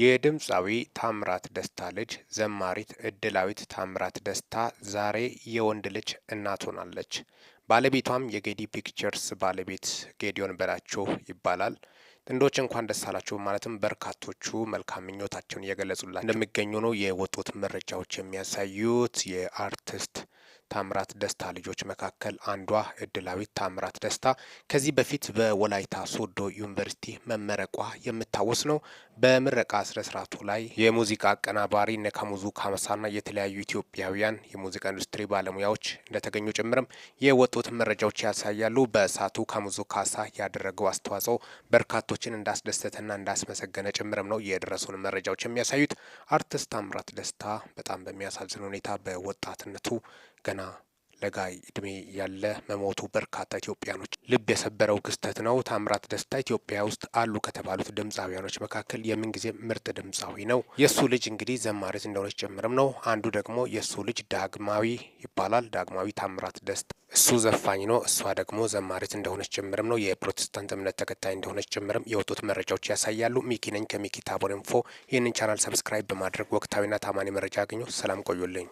የድምፃዊ ታምራት ደስታ ልጅ ዘማሪት እድላዊት ታምራት ደስታ ዛሬ የወንድ ልጅ እናት ሆናለች። ባለቤቷም የጌዲ ፒክቸርስ ባለቤት ጌዲዮን በላቸው ይባላል። ጥንዶች እንኳን ደስ አላችሁ ማለትም በርካቶቹ መልካም ምኞታቸውን እየገለጹላቸው እንደሚገኙ ነው የወጡት መረጃዎች የሚያሳዩት። የአርቲስት ታምራት ደስታ ልጆች መካከል አንዷ እድላዊት ታምራት ደስታ ከዚህ በፊት በወላይታ ሶዶ ዩኒቨርሲቲ መመረቋ የምታወስ ነው። በምረቃ ስነ ስርዓቱ ላይ የሙዚቃ አቀናባሪ ነካሙዙ ካመሳና የተለያዩ ኢትዮጵያውያን የሙዚቃ ኢንዱስትሪ ባለሙያዎች እንደተገኙ ጭምርም የወጡት መረጃዎች ያሳያሉ። በእሳቱ ካሙዙ ካሳ ያደረገው አስተዋጽኦ በርካቶችን እንዳስደሰተና እንዳስመሰገነ ጭምርም ነው የደረሱን መረጃዎች የሚያሳዩት። አርቲስት ታምራት ደስታ በጣም በሚያሳዝን ሁኔታ በወጣትነቱ ገና ለጋ እድሜ ያለ መሞቱ በርካታ ኢትዮጵያኖች ልብ የሰበረው ክስተት ነው። ታምራት ደስታ ኢትዮጵያ ውስጥ አሉ ከተባሉት ድምፃውያኖች መካከል የምንጊዜ ምርጥ ድምፃዊ ነው። የእሱ ልጅ እንግዲህ ዘማሪት እንደሆነች ጭምርም ነው። አንዱ ደግሞ የእሱ ልጅ ዳግማዊ ይባላል። ዳግማዊ ታምራት ደስታ እሱ ዘፋኝ ነው። እሷ ደግሞ ዘማሪት እንደሆነች ጭምርም ነው። የፕሮቴስታንት እምነት ተከታይ እንደሆነች ጭምርም የወጡት መረጃዎች ያሳያሉ። ሚኪ ነኝ ከሚኪ ታቦር ኢንፎ። ይህንን ቻናል ሰብስክራይብ በማድረግ ወቅታዊና ታማኒ መረጃ ያገኘ ሰላም ቆዩልኝ።